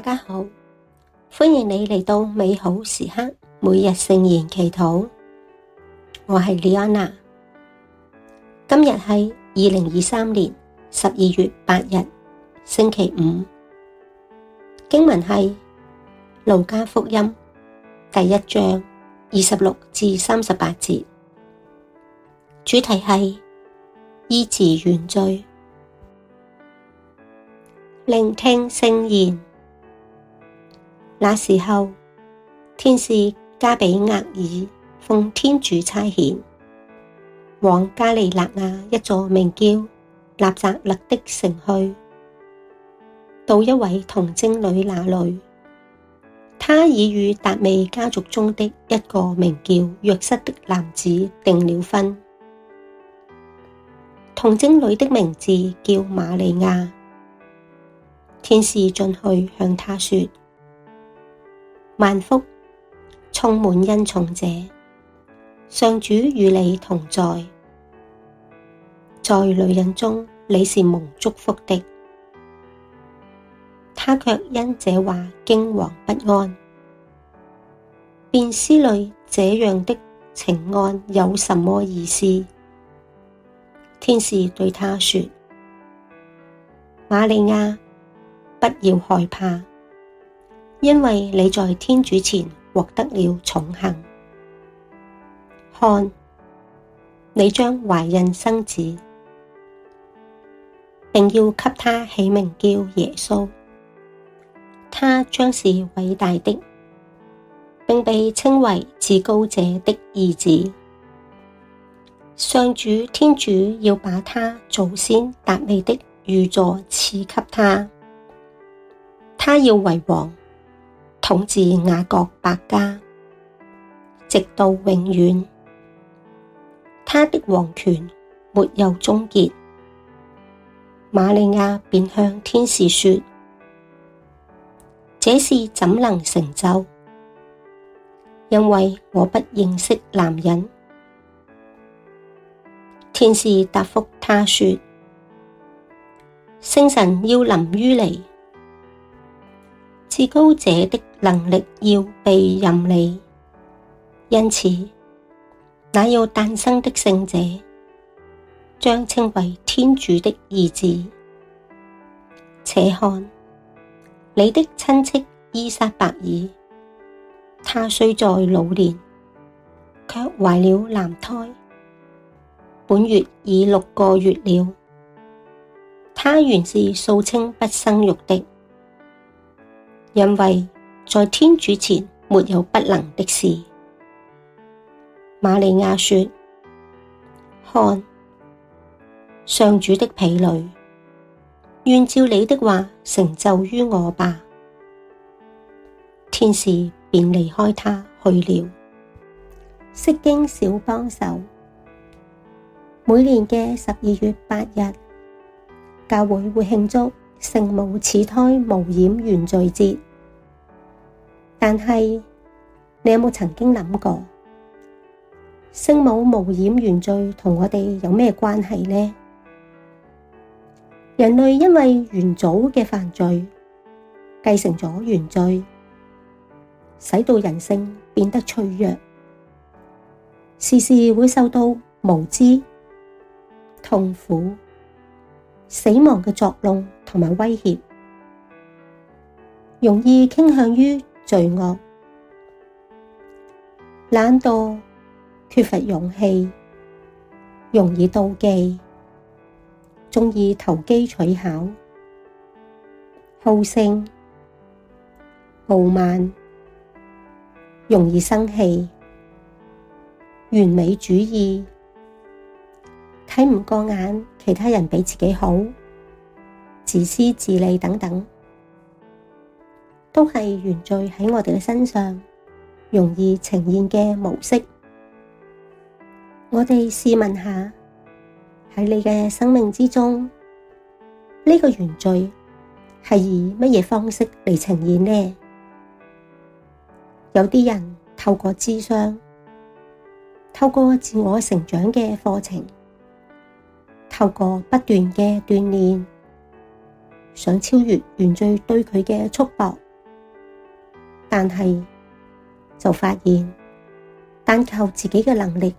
大家好，歡迎你嚟到美好時刻每日聖言祈禱，我係李安娜。今日係二零二三年十二月八日星期五，經文係《路加福音》第一章二十六至三十八節，主題係醫治原罪，聆聽聖言。那時候，天使加俾額爾奉天主差遣，往加里肋亞一座名叫納匝肋的城去，到一位童貞女那裡，她已與達味家族中的一個名叫若瑟的男子訂了婚。童貞女的名字叫瑪利亞。天使進去向她說。萬福，充滿恩寵者，上主與你同在。在女人中，你是蒙祝福的。她卻因這話驚惶不安，便思慮這樣的請安有什麼意思。天使對她說：瑪利亞，不要害怕。因為你在天主前獲得了寵幸，看，你將懷孕生子，並要給他起名叫耶穌，他將是偉大的，並被稱為至高者的兒子。上主天主要把他祖先達味的御座賜給他，他要為王。統治雅各伯家，直到永遠，他的王權沒有終結。瑪利亞便向天使說：這事怎能成就？因為我不認識男人。天使答覆他說：聖神要臨於你，至高者的。能力要庇廕妳，因此，那要誕生的聖者將稱為天主的兒子。且看你的親戚依撒伯爾，她雖在老年，卻懷了男胎，本月已六個月了。她原是素稱不生育的，因為。在天主前沒有不能的事，瑪利亞說：看，上主的婢女，願照你的話成就於我吧。天使便離開他去了。釋經小幫手，每年嘅十二月八日，教會會慶祝聖母始胎無染原罪節。但係，你有冇曾經諗過聖母無染原罪同我哋有咩關係呢？人類因為原祖嘅犯罪，繼承咗原罪，使到人性變得脆弱，時時會受到無知、痛苦、死亡嘅作弄同埋威脅，容易傾向於。罪惡、懶惰、缺乏勇氣、容易妒忌、鍾意投機取巧、好勝、傲慢、容易生氣、完美主義、睇唔過眼其他人比自己好、自私自利等等。都係原罪喺我哋嘅身上容易呈現嘅模式。我哋試問下，喺你嘅生命之中，呢個原罪係以乜嘢方式嚟呈現呢？有啲人透過諮商，透過自我成長嘅課程，透過不斷嘅鍛煉，想超越原罪對佢嘅束縛。但係就發現，單靠自己嘅能力，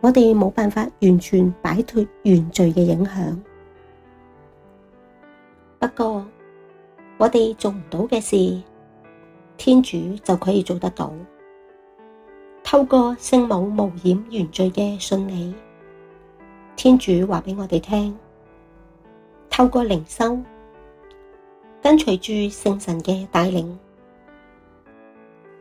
我哋冇辦法完全擺脫原罪嘅影響。不過我哋做唔到嘅事，天主就可以做得到。透過聖母無染原罪嘅信理，天主話俾我哋聽，透過靈修，跟隨住聖神嘅帶領。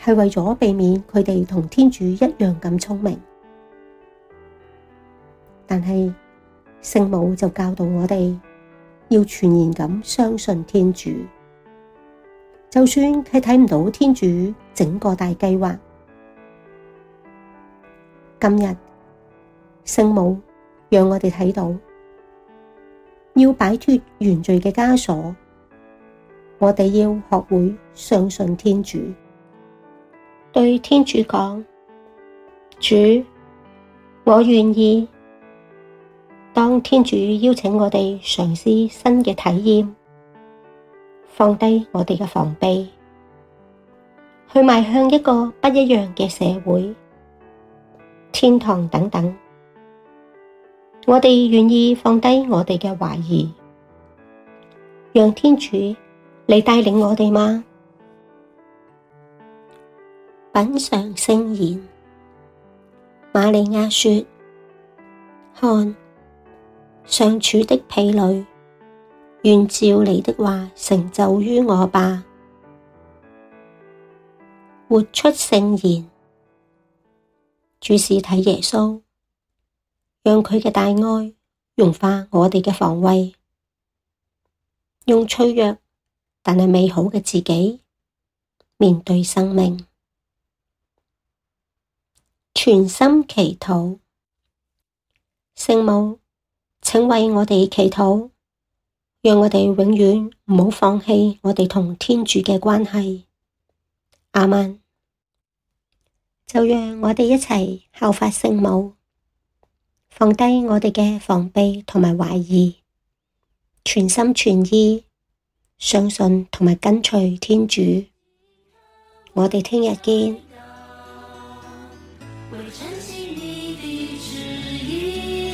係為咗避免佢哋同天主一樣咁聰明，但係聖母就教導我哋要全然咁相信天主，就算佢睇唔到天主整個大計劃。今日聖母讓我哋睇到，要擺脫原罪嘅枷鎖，我哋要學會相信天主。對天主講，主，我願意。當天主邀請我哋嘗試新嘅體驗，放低我哋嘅防備，去邁向一個不一樣嘅社會、天堂等等，我哋願意放低我哋嘅懷疑，讓天主你帶領我哋嗎？品嘗聖言，瑪利亞說：看，上主的婢女，願照你的話成就於我吧，活出聖言。注視睇耶穌，讓佢嘅大愛融化我哋嘅防衛，用脆弱但係美好嘅自己面對生命。全心祈禱，聖母，請為我哋祈禱，讓我哋永遠唔好放棄我哋同天主嘅關係。阿們，就讓我哋一齊效法聖母，放低我哋嘅防備同埋懷疑，全心全意相信同埋跟隨天主。我哋聽日見。為珍惜你的旨意。